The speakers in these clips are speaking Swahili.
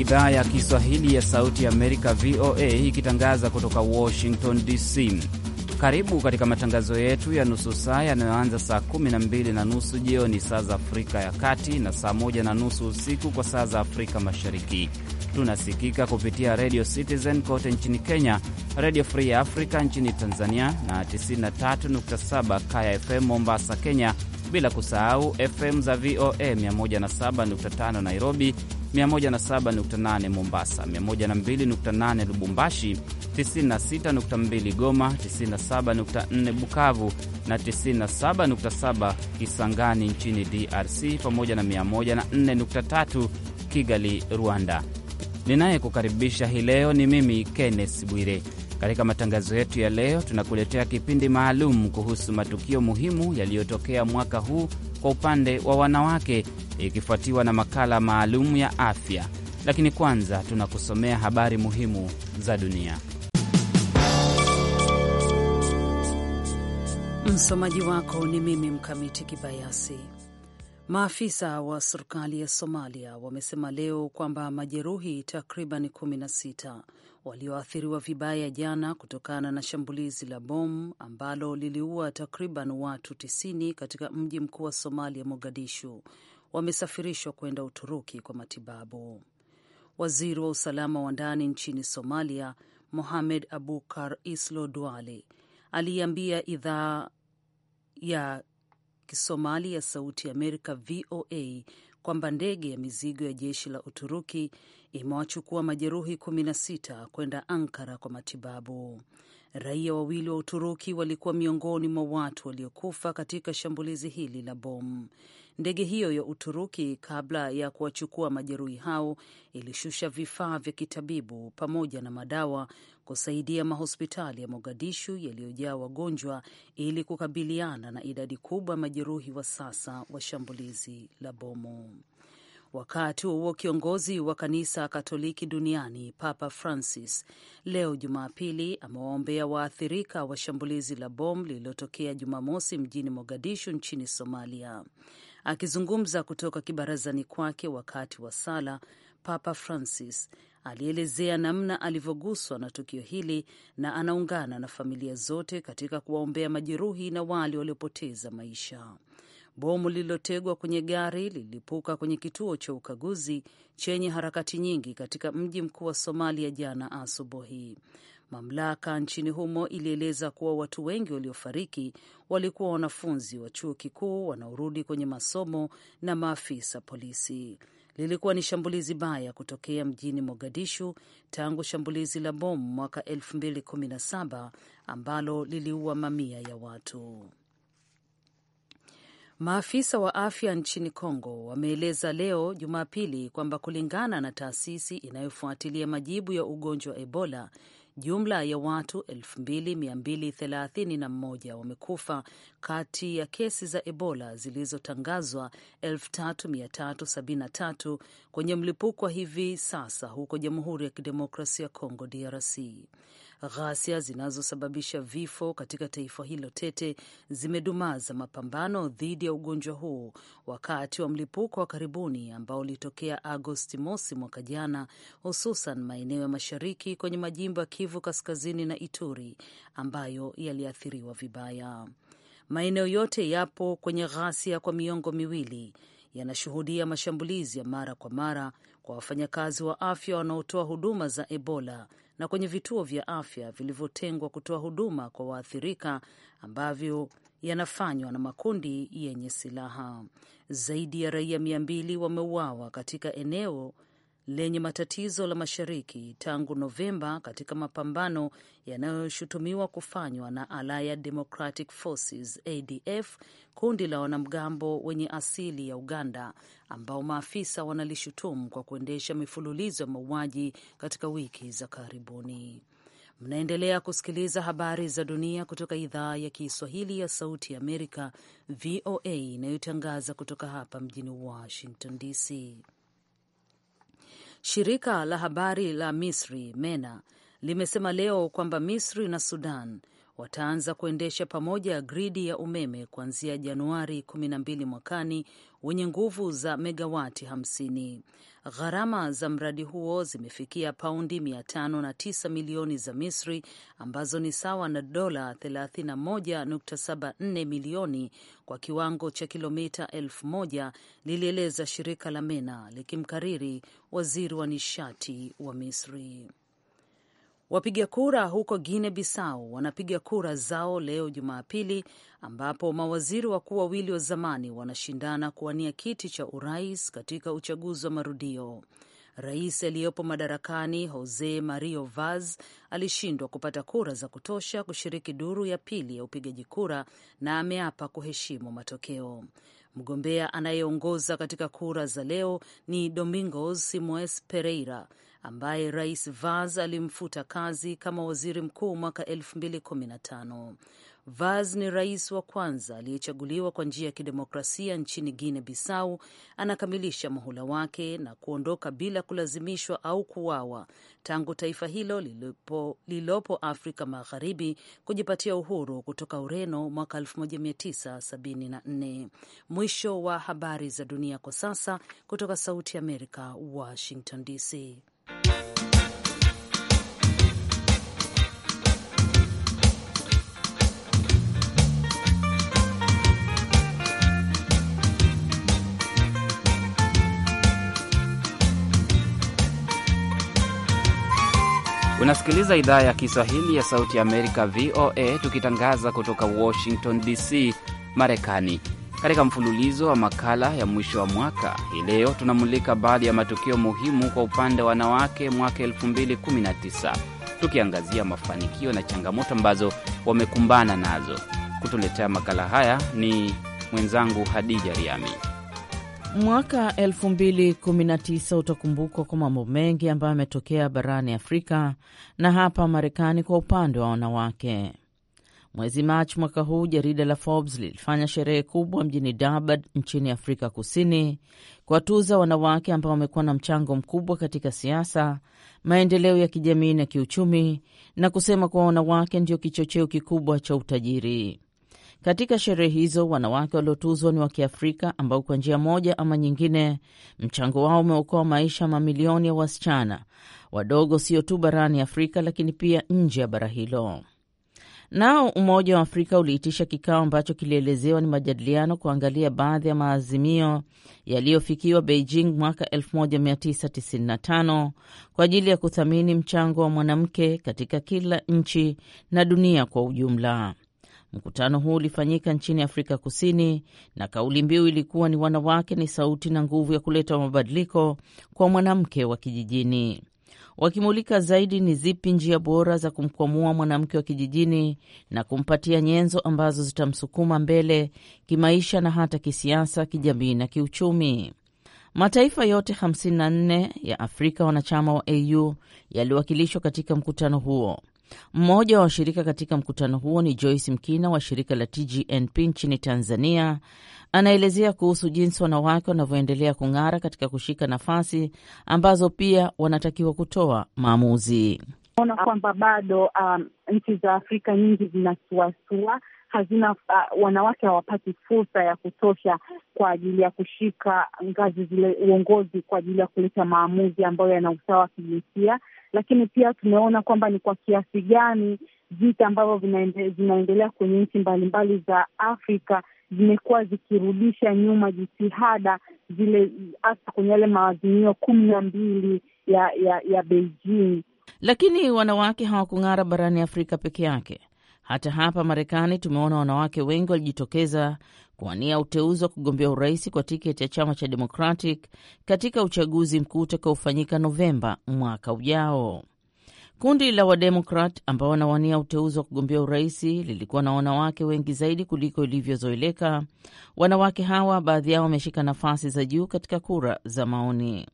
idhaa ya Kiswahili ya Sauti ya Amerika, VOA, ikitangaza kutoka Washington DC. Karibu katika matangazo yetu ya nusu saa yanayoanza saa 12 na nusu jioni saa za Afrika ya Kati na saa 1 na nusu usiku kwa saa za Afrika Mashariki. Tunasikika kupitia Radio Citizen kote nchini Kenya, Radio Free Africa nchini Tanzania na 93.7 Kaya FM Mombasa, Kenya, bila kusahau FM za VOA 107.5 Nairobi 107.8 Mombasa, 102.8 Lubumbashi, 96.2 Goma, 97.4 Bukavu na 97.7 Kisangani nchini DRC, pamoja na 104.3 Kigali, Rwanda. Ninayekukaribisha hii leo ni mimi Kenneth Bwire. Katika matangazo yetu ya leo, tunakuletea kipindi maalum kuhusu matukio muhimu yaliyotokea mwaka huu kwa upande wa wanawake, ikifuatiwa na makala maalum ya afya. Lakini kwanza tunakusomea habari muhimu za dunia. Msomaji wako ni mimi Mkamiti Kibayasi. Maafisa wa serikali ya Somalia wamesema leo kwamba majeruhi takriban 16 walioathiriwa vibaya jana kutokana na shambulizi la bomu ambalo liliua takriban watu 90 katika mji mkuu wa Somalia, Mogadishu, wamesafirishwa kwenda Uturuki kwa matibabu. Waziri wa usalama wa ndani nchini Somalia, Mohamed Abukar Islo Duale, aliyeambia idhaa ya Kisomali ya Sauti ya Amerika, VOA, kwamba ndege ya mizigo ya jeshi la Uturuki imewachukua majeruhi 16 kwenda Ankara kwa matibabu. Raia wawili wa Uturuki walikuwa miongoni mwa watu waliokufa katika shambulizi hili la bomu. Ndege hiyo ya Uturuki, kabla ya kuwachukua majeruhi hao, ilishusha vifaa vya kitabibu pamoja na madawa kusaidia mahospitali ya Mogadishu yaliyojaa wagonjwa ili kukabiliana na idadi kubwa ya majeruhi wa sasa wa shambulizi la bomu. Wakati wa huo kiongozi wa kanisa Katoliki duniani Papa Francis leo Jumapili amewaombea waathirika wa shambulizi la bomu lililotokea Jumamosi mjini Mogadishu nchini Somalia. Akizungumza kutoka kibarazani kwake wakati wa sala, Papa Francis alielezea namna alivyoguswa na tukio hili na anaungana na familia zote katika kuwaombea majeruhi na wale waliopoteza maisha. Bomu lililotegwa kwenye gari lilipuka kwenye kituo cha ukaguzi chenye harakati nyingi katika mji mkuu wa Somalia jana asubuhi. Mamlaka nchini humo ilieleza kuwa watu wengi waliofariki walikuwa wanafunzi wa chuo kikuu wanaorudi kwenye masomo na maafisa polisi. Lilikuwa ni shambulizi baya kutokea mjini Mogadishu tangu shambulizi la bomu mwaka 2017 ambalo liliua mamia ya watu. Maafisa wa afya nchini Kongo wameeleza leo Jumapili kwamba kulingana na taasisi inayofuatilia majibu ya ugonjwa wa Ebola Jumla ya watu 2231 wamekufa kati ya kesi za Ebola zilizotangazwa 3373 kwenye mlipuko wa hivi sasa huko Jamhuri ya Kidemokrasia ya Kongo, DRC. Ghasia zinazosababisha vifo katika taifa hilo tete zimedumaza mapambano dhidi ya ugonjwa huu wakati wa mlipuko wa karibuni ambao ulitokea Agosti mosi mwaka jana, hususan maeneo ya mashariki kwenye majimbo ya Kivu Kaskazini na Ituri ambayo yaliathiriwa vibaya. Maeneo yote yapo kwenye ghasia kwa miongo miwili, yanashuhudia mashambulizi ya mara kwa mara, kwa wafanyakazi wa afya wanaotoa huduma za Ebola na kwenye vituo vya afya vilivyotengwa kutoa huduma kwa waathirika ambavyo yanafanywa na makundi yenye silaha. Zaidi ya raia mia mbili wameuawa katika eneo lenye matatizo la mashariki tangu Novemba katika mapambano yanayoshutumiwa kufanywa na Allied Democratic Forces ADF, kundi la wanamgambo wenye asili ya Uganda ambao maafisa wanalishutumu kwa kuendesha mifululizo ya mauaji katika wiki za karibuni. Mnaendelea kusikiliza habari za dunia kutoka idhaa ya Kiswahili ya Sauti ya Amerika, VOA, inayotangaza kutoka hapa mjini Washington DC. Shirika la habari la Misri, MENA, limesema leo kwamba Misri na Sudan wataanza kuendesha pamoja gridi ya umeme kuanzia Januari 12 mwakani wenye nguvu za megawati 50. Gharama za mradi huo zimefikia paundi 509 milioni za Misri ambazo ni sawa na dola 31.74 milioni kwa kiwango cha kilomita 1000, lilieleza shirika la MENA likimkariri waziri wa nishati wa Misri. Wapiga kura huko Guinea Bissau wanapiga kura zao leo Jumapili, ambapo mawaziri wakuu wawili wa zamani wanashindana kuwania kiti cha urais katika uchaguzi wa marudio. Rais aliyepo madarakani Jose Mario Vaz alishindwa kupata kura za kutosha kushiriki duru ya pili ya upigaji kura na ameapa kuheshimu matokeo. Mgombea anayeongoza katika kura za leo ni Domingos Simoes Pereira ambaye Rais Vaz alimfuta kazi kama waziri mkuu mwaka 2015. Vaz ni rais wa kwanza aliyechaguliwa kwa njia ya kidemokrasia nchini Guinea Bissau. Anakamilisha muhula wake na kuondoka bila kulazimishwa au kuwawa tangu taifa hilo lilipo, lilopo Afrika Magharibi kujipatia uhuru kutoka Ureno mwaka 1974. Mwisho wa habari za dunia kwa sasa, kutoka Sauti ya Amerika, Washington DC. Unasikiliza idhaa ya Kiswahili ya Sauti ya Amerika, VOA, tukitangaza kutoka Washington DC, Marekani. Katika mfululizo wa makala ya mwisho wa mwaka hii leo, tunamulika baadhi ya matukio muhimu kwa upande wa wanawake mwaka 2019 tukiangazia mafanikio na changamoto ambazo wamekumbana nazo. Kutuletea makala haya ni mwenzangu Hadija Riami. Mwaka 2019 utakumbukwa kwa mambo mengi ambayo yametokea barani Afrika na hapa Marekani kwa upande wa wanawake. Mwezi Machi mwaka huu jarida la Forbes lilifanya sherehe kubwa mjini Durban nchini Afrika Kusini kuwatuza wanawake ambao wamekuwa na mchango mkubwa katika siasa, maendeleo ya kijamii na kiuchumi, na kusema kuwa wanawake ndio kichocheo kikubwa cha utajiri. Katika sherehe hizo wanawake waliotuzwa ni wa Kiafrika ambao kwa njia moja ama nyingine mchango wao umeokoa maisha mamilioni ya wasichana wadogo, sio tu barani Afrika lakini pia nje ya bara hilo. Nao Umoja wa Afrika uliitisha kikao ambacho kilielezewa ni majadiliano kuangalia baadhi ya maazimio yaliyofikiwa Beijing mwaka 1995 kwa ajili ya kuthamini mchango wa mwanamke katika kila nchi na dunia kwa ujumla. Mkutano huu ulifanyika nchini Afrika Kusini na kauli mbiu ilikuwa ni wanawake ni sauti na nguvu ya kuleta mabadiliko kwa mwanamke wa kijijini wakimulika zaidi ni zipi njia bora za kumkwamua mwanamke wa kijijini na kumpatia nyenzo ambazo zitamsukuma mbele kimaisha na hata kisiasa, kijamii na kiuchumi. Mataifa yote 54 ya Afrika wanachama wa AU yaliwakilishwa katika mkutano huo. Mmoja wa washirika katika mkutano huo ni Joyce Mkina wa shirika la TGNP nchini Tanzania. Anaelezea kuhusu jinsi wanawake wanavyoendelea kung'ara katika kushika nafasi ambazo pia wanatakiwa kutoa maamuzi. Naona kwamba bado um, nchi za Afrika nyingi zinasuasua hazina uh, wanawake hawapati fursa ya kutosha kwa ajili ya kushika ngazi zile uongozi kwa ajili ya kuleta maamuzi ambayo yana usawa wa kijinsia, lakini pia tumeona kwamba ni kwa kiasi gani vita ambavyo vinaendelea kwenye nchi mbalimbali za Afrika zimekuwa zikirudisha nyuma jitihada zile hasa kwenye yale maazimio kumi na mbili ya ya ya Beijing. Lakini wanawake hawakung'ara barani Afrika peke yake. Hata hapa Marekani tumeona wanawake wengi walijitokeza kuwania uteuzi wa kugombea urais kwa tiketi ya chama cha Democratic katika uchaguzi mkuu utakaofanyika Novemba mwaka ujao. Kundi la Wademokrat ambao wanawania uteuzi wa kugombea urais lilikuwa na wanawake wengi zaidi kuliko ilivyozoeleka. Wanawake hawa baadhi yao wameshika nafasi za juu katika kura za maoni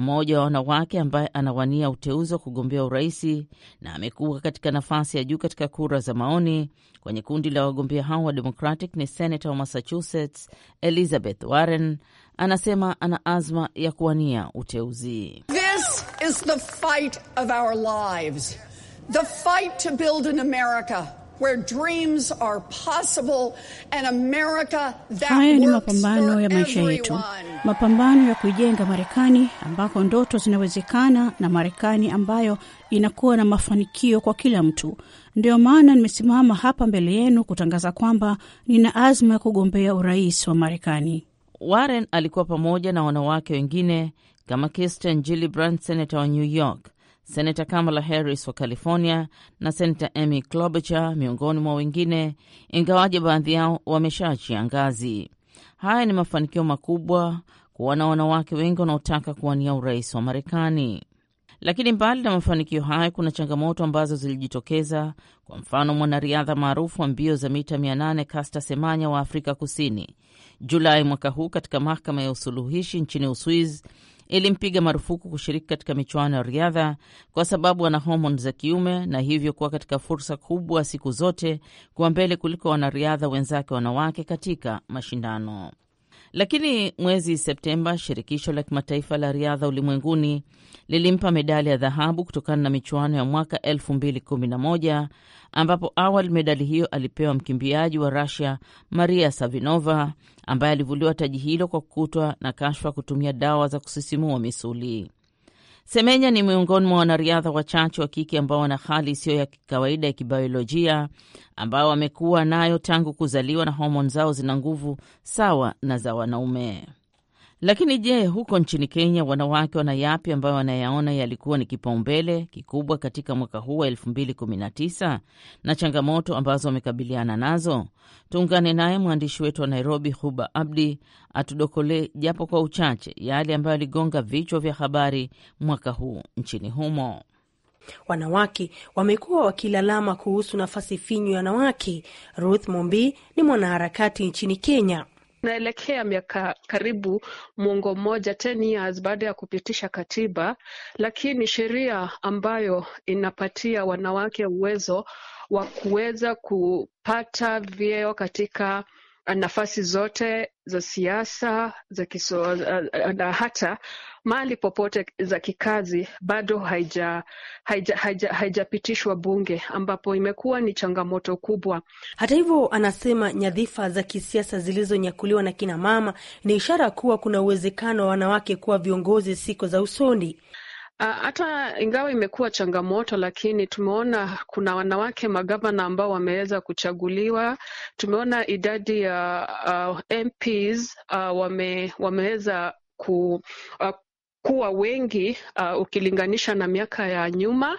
mmoja wa wanawake ambaye anawania uteuzi wa kugombea uraisi na amekuwa katika nafasi ya juu katika kura za maoni kwenye kundi la wagombea hao wa Democratic ni senata wa Massachusetts Elizabeth Warren. Anasema ana azma ya kuwania uteuzi. This is the fight of our lives. The fight to build an America Haya ni mapambano ya maisha yetu, mapambano ya kuijenga Marekani ambako ndoto zinawezekana na Marekani ambayo inakuwa na mafanikio kwa kila mtu. Ndiyo maana nimesimama hapa mbele yenu kutangaza kwamba nina azma ya kugombea urais wa Marekani. Warren alikuwa pamoja na wanawake wengine kama Kirsten Gillibrand, senata wa New York Senata Kamala Harris wa California na Senata Amy Klobuchar miongoni mwa wengine, ingawaje baadhi yao wameshaachia ngazi. Haya ni mafanikio makubwa kuwa na wanawake wengi wanaotaka kuwania urais wa Marekani. Lakini mbali na mafanikio hayo, kuna changamoto ambazo zilijitokeza. Kwa mfano, mwanariadha maarufu wa mbio za mita 800 Caster Semenya wa Afrika Kusini, Julai mwaka huu katika mahakama ya usuluhishi nchini Uswiz ilimpiga marufuku kushiriki katika michuano ya riadha kwa sababu ana homoni za kiume na hivyo kuwa katika fursa kubwa siku zote kuwa mbele kuliko wanariadha wenzake wanawake katika mashindano. Lakini mwezi Septemba, shirikisho la kimataifa la riadha ulimwenguni lilimpa medali ya dhahabu kutokana na michuano ya mwaka 2011 ambapo awali medali hiyo alipewa mkimbiaji wa Rusia Maria Savinova ambaye alivuliwa taji hilo kwa kukutwa na kashfa kutumia dawa za kusisimua misuli. Semenya ni miongoni mwa wanariadha wachache wa kike ambao wana hali isiyo ya kawaida ya kibiolojia ambao wamekuwa nayo tangu kuzaliwa na homoni zao zina nguvu sawa na za wanaume. Lakini je, huko nchini Kenya wanawake wana yapi ambayo wanayaona yalikuwa ni kipaumbele kikubwa katika mwaka huu wa 2019 na changamoto ambazo wamekabiliana nazo? Tuungane naye mwandishi wetu wa Nairobi, Huba Abdi, atudokole japo kwa uchache yale ambayo yaligonga vichwa vya habari mwaka huu nchini humo. Wanawake wamekuwa wakilalama kuhusu nafasi finyu ya wanawake. Ruth Mombi ni mwanaharakati nchini Kenya naelekea miaka karibu mwongo mmoja, years baada ya kupitisha katiba, lakini sheria ambayo inapatia wanawake uwezo wa kuweza kupata vyeo katika Uh, nafasi zote za siasa za kiso, uh, uh, na hata mali popote za kikazi bado haijapitishwa haija, haija, haija bunge, ambapo imekuwa ni changamoto kubwa. Hata hivyo, anasema nyadhifa za kisiasa zilizonyakuliwa na kinamama ni ishara kuwa kuna uwezekano wa wanawake kuwa viongozi siku za usoni. Ah, hata ingawa imekuwa changamoto, lakini tumeona kuna wanawake magavana ambao wameweza kuchaguliwa. Tumeona idadi ya uh, ah, MPs uh, ah, wame, wameweza ku, uh, kuwa wengi uh, ukilinganisha na miaka ya nyuma.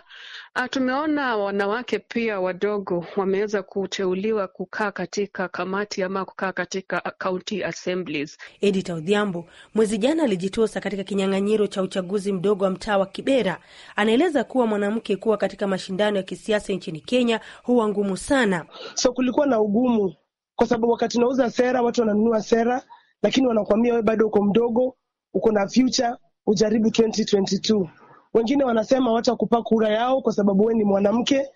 Uh, tumeona wanawake pia wadogo wameweza kuteuliwa kukaa katika kamati ama kukaa katika uh, county assemblies. Edita Odhiambo mwezi jana alijitosa katika kinyang'anyiro cha uchaguzi mdogo wa mtaa wa Kibera. Anaeleza kuwa mwanamke kuwa katika mashindano ya kisiasa nchini Kenya huwa ngumu sana. So kulikuwa na ugumu kwa sababu wakati unauza sera watu wananunua sera, lakini wanakuambia wewe bado uko mdogo, uko na future ujaribu 2022. Wengine wanasema watakupa kura yao kwa sababu wewe ni mwanamke.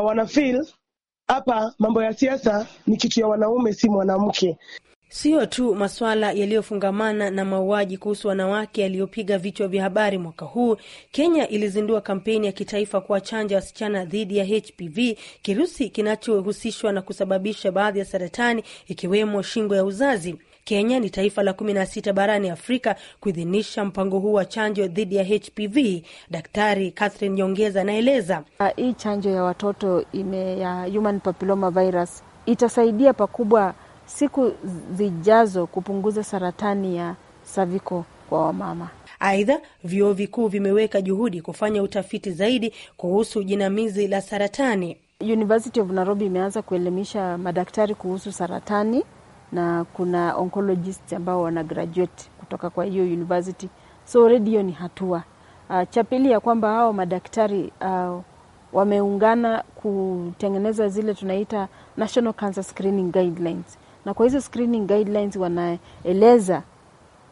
Uh, feel hapa mambo ya siasa ni kitu ya wanaume, si mwanamke. Siyo tu masuala yaliyofungamana na mauaji kuhusu wanawake yaliyopiga vichwa vya habari mwaka huu, Kenya ilizindua kampeni ya kitaifa chanja wasichana dhidi ya HPV, kirusi kinachohusishwa na kusababisha baadhi ya saratani ikiwemo shingo ya uzazi. Kenya ni taifa la 16 barani Afrika kuidhinisha mpango huu wa chanjo dhidi ya HPV. Daktari Catherine Nyongeza anaeleza ah, hii chanjo ya watoto ime ya human papilloma virus itasaidia pakubwa siku zijazo kupunguza saratani ya saviko kwa wamama. Aidha, vyuo vikuu vimeweka juhudi kufanya utafiti zaidi kuhusu jinamizi la saratani. University of Nairobi imeanza kuelimisha madaktari kuhusu saratani na kuna oncologist ambao wana graduate kutoka kwa hiyo university, so already hiyo ni hatua. Uh, cha pili ya kwamba hao madaktari uh, wameungana kutengeneza zile tunaita National Cancer Screening Guidelines, na kwa hizo screening guidelines wanaeleza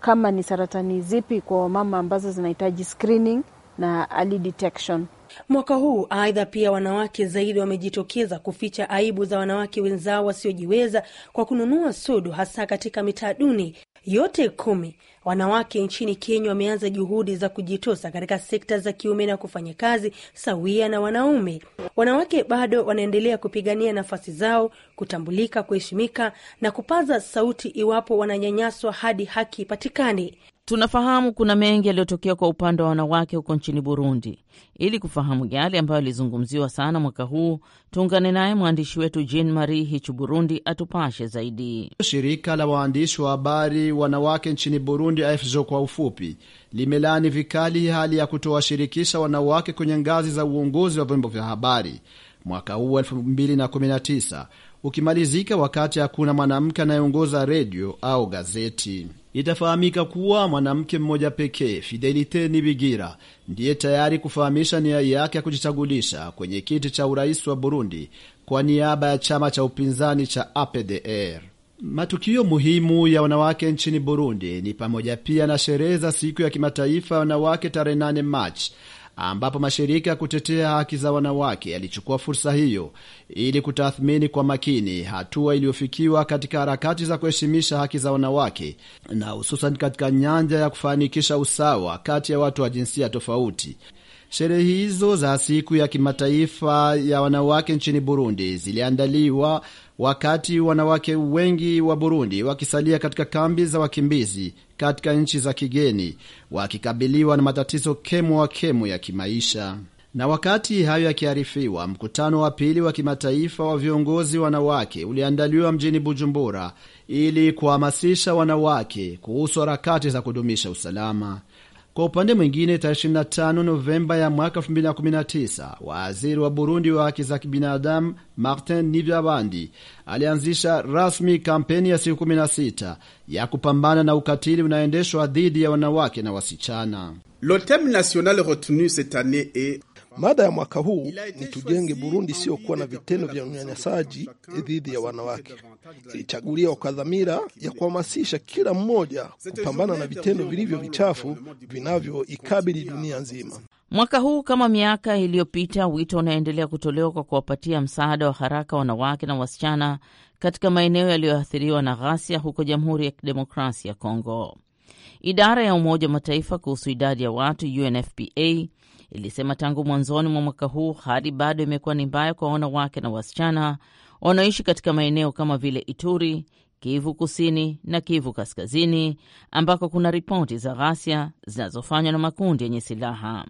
kama ni saratani zipi kwa wamama ambazo zinahitaji screening na early detection. Mwaka huu aidha, pia wanawake zaidi wamejitokeza kuficha aibu za wanawake wenzao wasiojiweza kwa kununua sodo, hasa katika mitaa duni yote kumi. Wanawake nchini Kenya wameanza juhudi za kujitosa katika sekta za kiume na kufanya kazi sawia na wanaume. Wanawake bado wanaendelea kupigania nafasi zao, kutambulika, kuheshimika na kupaza sauti iwapo wananyanyaswa hadi haki ipatikane. Tunafahamu kuna mengi yaliyotokea kwa upande wa wanawake huko nchini Burundi. Ili kufahamu yale ambayo yalizungumziwa sana mwaka huu, tuungane naye mwandishi wetu Jean Marie Hichu Burundi atupashe zaidi. Shirika la waandishi wa habari wanawake nchini Burundi, AFZO kwa ufupi, limelaani vikali hali ya kutowashirikisha wanawake kwenye ngazi za uongozi wa vyombo vya habari mwaka huu 2019 ukimalizika wakati hakuna mwanamke anayeongoza redio au gazeti. Itafahamika kuwa mwanamke mmoja pekee, Fidelite Nibigira, ndiye tayari kufahamisha nia yake ya kujichagulisha kwenye kiti cha urais wa Burundi kwa niaba ya chama cha upinzani cha APDR. Matukio muhimu ya wanawake nchini Burundi ni pamoja pia na sherehe za siku ya kimataifa ya wanawake tarehe 8 Machi ambapo mashirika ya kutetea haki za wanawake yalichukua fursa hiyo ili kutathmini kwa makini hatua iliyofikiwa katika harakati za kuheshimisha haki za wanawake na hususan katika nyanja ya kufanikisha usawa kati ya watu wa jinsia tofauti. Sherehe hizo za siku ya kimataifa ya wanawake nchini Burundi ziliandaliwa wakati wanawake wengi wa Burundi wakisalia katika kambi za wakimbizi katika nchi za kigeni wakikabiliwa na matatizo kemwa kemwa ya kimaisha. Na wakati hayo yakiarifiwa, mkutano wa pili wa kimataifa wa viongozi wanawake uliandaliwa mjini Bujumbura ili kuhamasisha wanawake kuhusu harakati za kudumisha usalama. Kwa upande mwingine, tarehe 25 Novemba ya mwaka 2019 waziri wa Burundi wa haki za kibinadamu Martin Nivyabandi alianzisha rasmi kampeni ya siku 16 ya kupambana na ukatili unaendeshwa dhidi ya wanawake na wasichana. Le national retenu cette est Mada ya mwaka huu ni tujenge Burundi isiyokuwa na vitendo vya unyanyasaji dhidi ya wanawake. Ilichaguliwa kwa dhamira ya kuhamasisha kila mmoja kupambana na vitendo vilivyo vichafu vinavyoikabili dunia nzima. Mwaka huu kama miaka iliyopita, wito unaendelea kutolewa kwa kuwapatia msaada wa haraka wanawake na wasichana katika maeneo yaliyoathiriwa na ghasia huko Jamhuri ya Kidemokrasia ya Kongo. Idara ya Umoja wa Mataifa kuhusu idadi ya watu UNFPA ilisema tangu mwanzoni mwa mwaka huu hali bado imekuwa ni mbaya kwa wanawake na wasichana wanaoishi katika maeneo kama vile Ituri, Kivu Kusini na Kivu Kaskazini, ambako kuna ripoti za ghasia zinazofanywa na makundi yenye silaha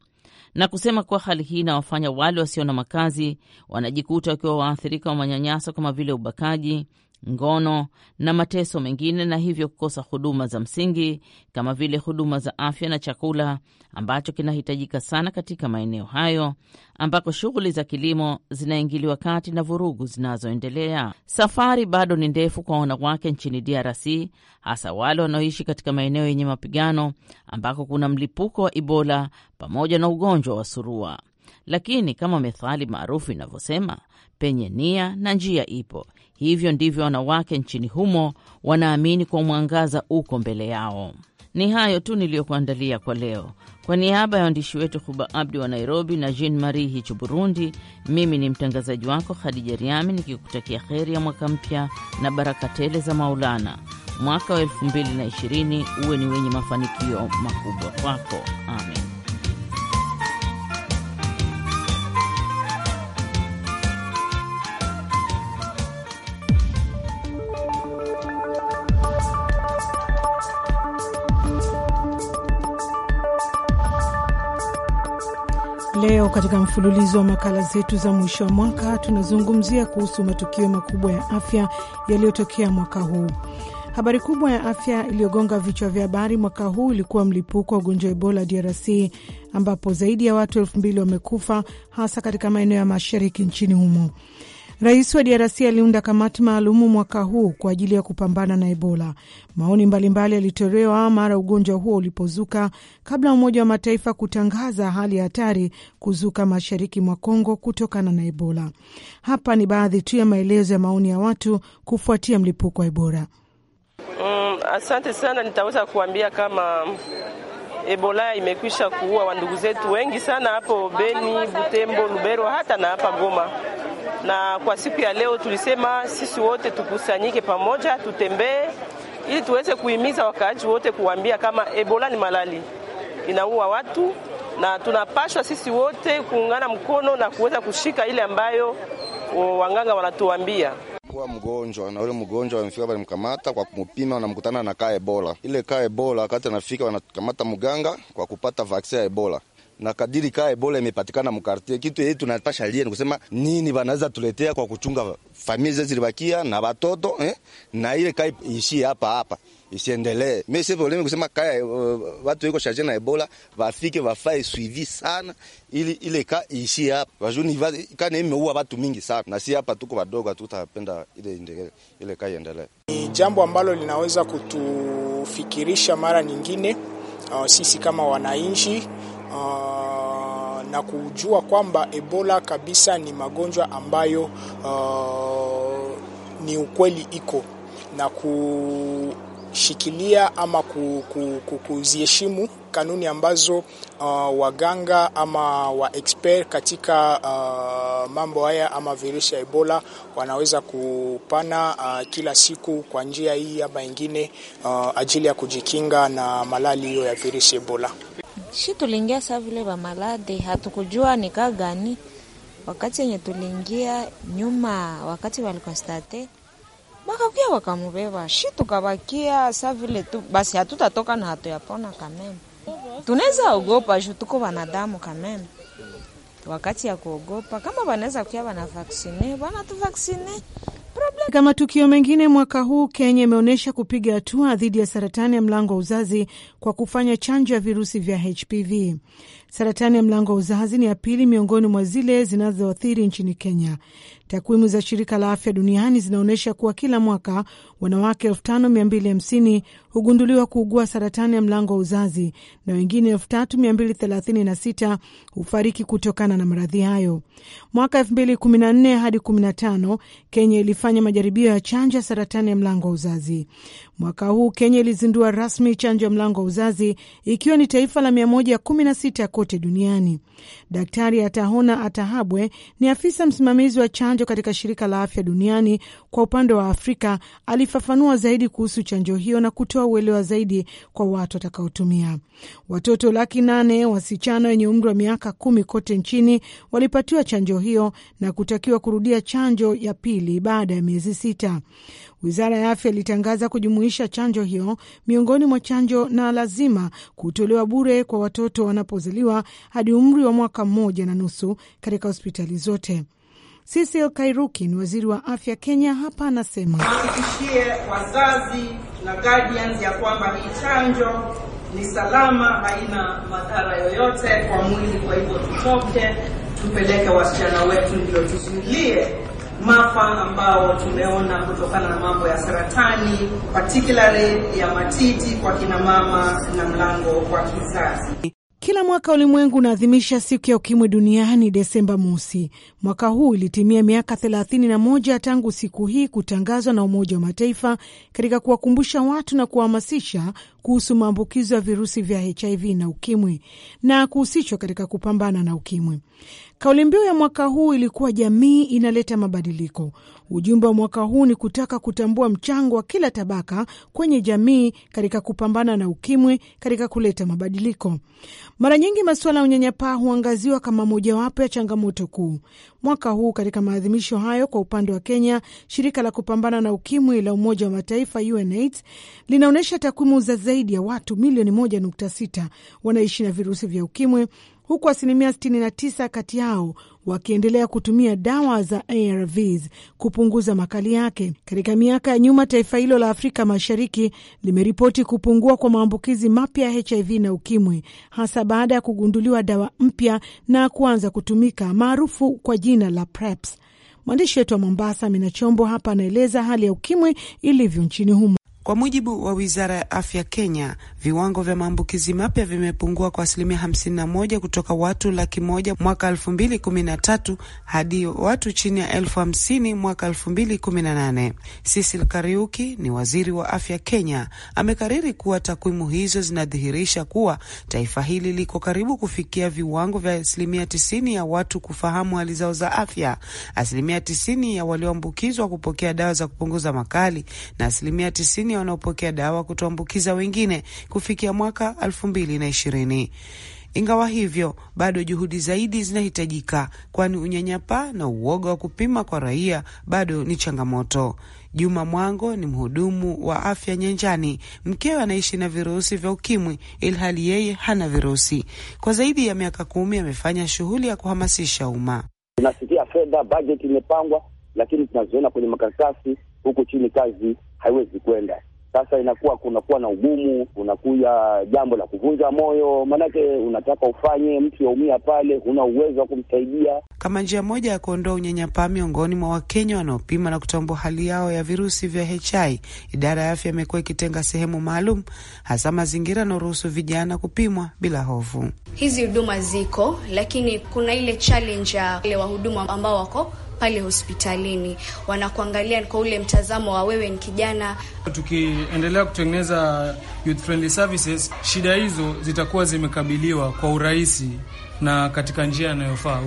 na kusema kuwa hali hii inawafanya wale wasio na makazi wanajikuta wakiwa waathirika wa manyanyaso kama vile ubakaji, ngono na mateso mengine, na hivyo kukosa huduma za msingi kama vile huduma za afya na chakula ambacho kinahitajika sana katika maeneo hayo ambako shughuli za kilimo zinaingiliwa kati na vurugu zinazoendelea. Safari bado ni ndefu kwa wanawake nchini DRC, hasa wale wanaoishi katika maeneo yenye mapigano ambako kuna mlipuko wa Ebola pamoja na ugonjwa wa surua. Lakini kama methali maarufu inavyosema, penye nia na njia ipo. Hivyo ndivyo wanawake nchini humo wanaamini kwa mwangaza uko mbele yao. Ni hayo tu niliyokuandalia kwa leo. Kwa niaba ya waandishi wetu Huba Abdi wa Nairobi na Jean Marie Hichu Burundi, mimi ni mtangazaji wako Khadija Riami nikikutakia kheri ya mwaka mpya na baraka tele za Maulana. Mwaka wa 2020 uwe ni wenye mafanikio makubwa kwako. Amin. Leo katika mfululizo wa makala zetu za mwisho wa mwaka tunazungumzia kuhusu matukio makubwa ya afya yaliyotokea mwaka huu. Habari kubwa ya afya iliyogonga vichwa vya habari mwaka huu ilikuwa mlipuko wa ugonjwa Ebola DRC, ambapo zaidi ya watu elfu mbili wamekufa hasa katika maeneo ya mashariki nchini humo. Rais wa DRC aliunda kamati maalumu mwaka huu kwa ajili ya kupambana na Ebola. Maoni mbalimbali yalitolewa mara ugonjwa huo ulipozuka, kabla Umoja wa Mataifa kutangaza hali ya hatari kuzuka mashariki mwa Kongo kutokana na Ebola. Hapa ni baadhi tu ya maelezo ya maoni ya watu kufuatia mlipuko wa Ebola. Mm, asante sana. Nitaweza kuambia kama Ebola imekwisha kuua wandugu zetu wengi sana hapo Beni, Butembo, Lubero hata na hapa Goma na kwa siku ya leo tulisema sisi wote tukusanyike pamoja, tutembee ili tuweze kuhimiza wakaaji wote kuambia kama Ebola ni malali inaua watu, na tunapashwa sisi wote kuungana mkono na kuweza kushika ile ambayo wanganga wanatuambia kuwa mgonjwa na ule mgonjwa wamefika walimkamata kwa kumupima, wanamkutana na kaa Ebola. Ile kaa Ebola, wakati anafika wanakamata mganga kwa kupata vaksi ya Ebola na kadiri kaa Ebola imepatikana mkartie, kitu yetu tunapasha lia ni kusema nini wanaweza tuletea kwa kuchunga familia zetu zilibakia na watoto eh, na ile kaa ishi hapa hapa isiendelee. Mimi sipo leo kusema kaa eh, watu wako shaje na Ebola wafike wafae suivi sana, ili ile kaa ishi hapa wajuni kana imeua watu mingi sana, na si hapa tuko wadogo, tutapenda ile indege, ile kaa endelee. Ni jambo ambalo linaweza kutufikirisha mara nyingine uh, sisi kama wananchi uh, na kujua kwamba Ebola kabisa ni magonjwa ambayo uh, ni ukweli iko na kushikilia ama kuziheshimu kanuni ambazo uh, waganga ama wa expert katika uh, mambo haya ama virusi ya Ebola wanaweza kupana uh, kila siku kwa njia hii ama ingine uh, ajili ya kujikinga na malali hiyo ya virusi Ebola shi tuliingia saa vile vamalade, hatukujua kaa gani wakati yenye tuliingia nyuma, wakati walikonstate wakakuya wakamubeba, shi tukabakia saa vile tu basi, hatutatoka na hatuyapona kamema Tunaweza ogopa juu tuko wanadamu kameme, wakati ya kuogopa kama wanaweza kuya wanavaksine, wanatuvaksine katika matukio mengine mwaka huu, Kenya imeonyesha kupiga hatua dhidi ya saratani ya mlango wa uzazi kwa kufanya chanjo ya virusi vya HPV. Saratani ya mlango wa uzazi ni ya pili miongoni mwa zile zinazoathiri nchini Kenya. Takwimu za shirika la afya duniani zinaonyesha kuwa kila mwaka wanawake 5250 hugunduliwa kuugua saratani ya mlango wa uzazi na wengine 3236 hufariki kutokana na maradhi hayo. Mwaka 2014 hadi 15 Kenya ilifanya majaribio ya chanjo ya saratani ya mlango wa uzazi. Mwaka huu Kenya ilizindua rasmi chanjo ya mlango wa uzazi ikiwa ni taifa la 116 kote duniani. Daktari Atahona Atahabwe ni afisa msimamizi wa chanjo katika shirika la afya duniani kwa upande wa Afrika. Alifafanua zaidi kuhusu chanjo hiyo na kutoa uelewa zaidi kwa watu watakaotumia. Watoto laki nane wasichana wenye umri wa miaka kumi kote nchini walipatiwa chanjo hiyo na kutakiwa kurudia chanjo ya pili baada ya miezi sita. Wizara ya afya ilitangaza kujumuisha chanjo hiyo miongoni mwa chanjo na lazima kutolewa bure kwa watoto wanapozaliwa hadi umri wa mwaka mmoja na nusu katika hospitali zote. Sisil Kairuki ni waziri wa afya Kenya. Hapa anasema hakikishie wazazi na guardians ya kwamba hii chanjo ni salama, haina madhara yoyote kwa mwili. Kwa hivyo tutoke tupeleke wasichana wetu ndio tuzuilie mafa ambao tumeona kutokana na mambo ya saratani particularly ya matiti kwa kina mama na mlango wa kizazi. Kila mwaka ulimwengu unaadhimisha siku ya ukimwi duniani Desemba mosi. Mwaka huu ilitimia miaka 31 tangu siku hii kutangazwa na Umoja wa Mataifa katika kuwakumbusha watu na kuwahamasisha kuhusu maambukizo ya virusi vya HIV na ukimwi na kuhusishwa katika kupambana na ukimwi. Kauli mbiu ya mwaka huu ilikuwa jamii inaleta mabadiliko. Ujumbe wa mwaka huu ni kutaka kutambua mchango wa kila tabaka kwenye jamii katika kupambana na ukimwi katika kuleta mabadiliko. Mara nyingi masuala ya unyanyapaa huangaziwa kama mojawapo ya changamoto kuu. Mwaka huu katika maadhimisho hayo, kwa upande wa Kenya, shirika la kupambana na ukimwi la Umoja wa Mataifa UNAIDS linaonyesha takwimu za zaidi ya watu milioni 1.6 wanaishi na virusi vya ukimwi huku asilimia 69 kati yao wakiendelea kutumia dawa za ARVs kupunguza makali yake. Katika miaka ya nyuma, taifa hilo la Afrika Mashariki limeripoti kupungua kwa maambukizi mapya ya HIV na UKIMWI, hasa baada ya kugunduliwa dawa mpya na kuanza kutumika maarufu kwa jina la PrEPs. Mwandishi wetu wa Mombasa, minachombo Chombo, hapa anaeleza hali ya UKIMWI ilivyo nchini humo. Kwa mujibu wa wizara ya afya Kenya, viwango vya maambukizi mapya vimepungua kwa asilimia 51 kutoka watu laki moja mwaka tatu hadi watu chini ya elfu hamsini mwaka nane. Sisil Kariuki ni waziri wa afya Kenya, amekariri kuwa takwimu hizo zinadhihirisha kuwa taifa hili liko karibu kufikia viwango vya asilimia tisini ya watu kufahamu hali zao za afya, asilimia tisini ya walioambukizwa kupokea dawa za kupunguza makali na asilimia tisini wengine wanaopokea dawa kutoambukiza wengine kufikia mwaka elfu mbili na ishirini. Ingawa hivyo bado juhudi zaidi zinahitajika, kwani unyanyapaa na uoga wa kupima kwa raia bado ni changamoto. Juma Mwango ni mhudumu wa afya nyanjani. Mkewe anaishi na virusi vya ukimwi ilhali yeye hana virusi. Kwa zaidi ya miaka kumi amefanya shughuli ya kuhamasisha umma. Tunasikia fedha bajeti imepangwa, lakini tunaziona kwenye makaratasi, huku chini kazi haiwezi kwenda. Sasa inakuwa kunakuwa na ugumu, unakuja jambo la kuvunja moyo, maanake unataka ufanye, mtu yaumia pale, huna uwezo wa kumsaidia. Kama njia moja ya kuondoa unyanyapaa miongoni mwa Wakenya wanaopima na kutambua hali yao ya virusi vya hi idara ya afya imekuwa ikitenga sehemu maalum, hasa mazingira yanaoruhusu vijana kupimwa bila hofu. Hizi huduma ziko, lakini kuna ile challenge ya ile wahuduma ambao wako pale hospitalini, wanakuangalia kwa ule mtazamo wa wewe ni kijana. Tukiendelea kutengeneza youth friendly services, shida hizo zitakuwa zimekabiliwa kwa urahisi na katika njia inayofaa.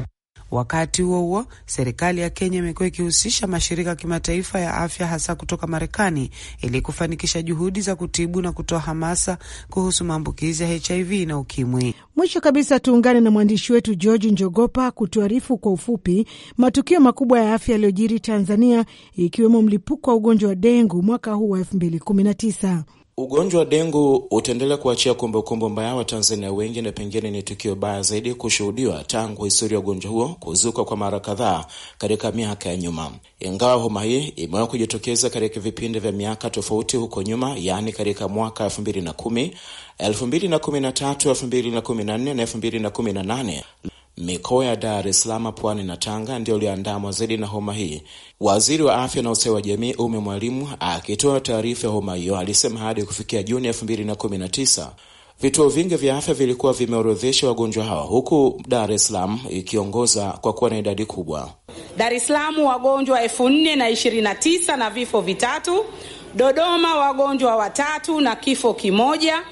Wakati huo huo, serikali ya Kenya imekuwa ikihusisha mashirika ya kimataifa ya afya hasa kutoka Marekani ili kufanikisha juhudi za kutibu na kutoa hamasa kuhusu maambukizi ya HIV na UKIMWI. Mwisho kabisa, tuungane na mwandishi wetu George Njogopa kutuarifu kwa ufupi matukio makubwa ya afya yaliyojiri Tanzania, ikiwemo mlipuko wa ugonjwa wa dengu mwaka huu wa 219 Ugonjwa wa dengu utaendelea kuachia kumbukumbu mbaya wa Tanzania wengi na pengine ni tukio baya zaidi kushuhudiwa tangu historia ya ugonjwa huo kuzuka kwa mara kadhaa katika miaka ya nyuma. Ingawa homa hii imewahi kujitokeza katika vipindi vya miaka tofauti huko nyuma, yaani katika mwaka elfu mbili na kumi, elfu mbili na kumi na tatu, elfu mbili na kumi na nne na elfu mbili na kumi na nane Mikoa ya Dar es Salaam, Pwani na Tanga ndiyo iliyoandamwa zaidi na homa hii. Waziri wa Afya na Ustawi wa Jamii Ume Mwalimu akitoa taarifa ya homa hiyo alisema hadi kufikia Juni elfu mbili na na kumi tisa vituo vingi vya afya vilikuwa vimeorodhesha wagonjwa hawa, huku Dar es Salaam ikiongoza kwa kuwa na idadi kubwa. Dar es Salaam wagonjwa elfu nne na ishirini na tisa na vifo vitatu. Dodoma wagonjwa watatu na kifo kimoja.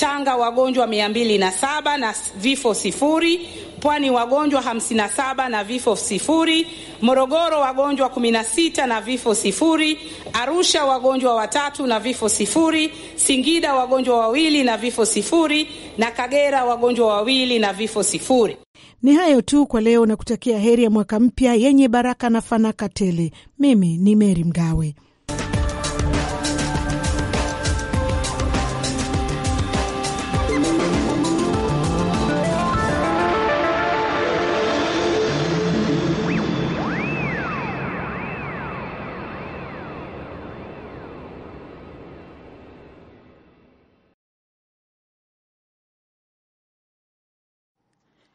Tanga wagonjwa mbili na saba na vifo sifuri. Pwani wagonjwa 57 na vifo sifuri. Morogoro wagonjwa sita na vifo sifuri. Arusha wagonjwa watatu na vifo sifuri. Singida wagonjwa wawili na vifo sifuri, na Kagera wagonjwa wawili na vifo sifuri. Ni hayo tu kwa leo, na kutakia heri ya mwaka mpya yenye baraka na fanaka tele. Mimi ni Meri Mgawe.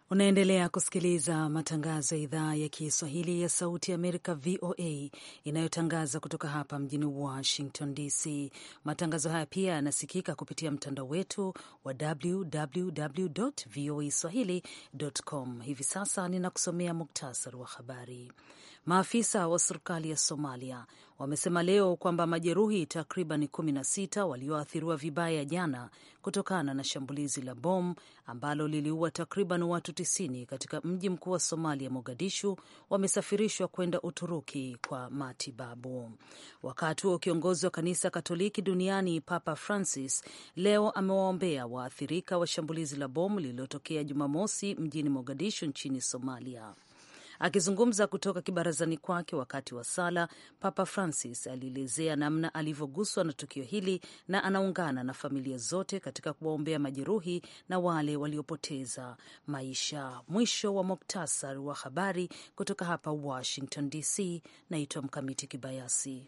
Unaendelea kusikiliza matangazo ya idhaa ya Kiswahili ya Sauti ya Amerika, VOA, inayotangaza kutoka hapa mjini Washington DC. Matangazo haya pia yanasikika kupitia mtandao wetu wa www voa swahili com. Hivi sasa ninakusomea muktasari wa habari. Maafisa wa serikali ya Somalia wamesema leo kwamba majeruhi takriban 16 walioathiriwa vibaya jana kutokana na shambulizi la bomu ambalo liliua takriban watu 90 katika mji mkuu wa Somalia, Mogadishu, wamesafirishwa kwenda Uturuki kwa matibabu. Wakati huo kiongozi wa kanisa Katoliki duniani Papa Francis leo amewaombea waathirika wa shambulizi la bomu lililotokea Jumamosi mjini Mogadishu nchini Somalia. Akizungumza kutoka kibarazani kwake wakati wa sala, Papa Francis alielezea namna alivyoguswa na tukio hili na anaungana na familia zote katika kuwaombea majeruhi na wale waliopoteza maisha. Mwisho wa muktasari wa habari kutoka hapa Washington DC. Naitwa Mkamiti Kibayasi.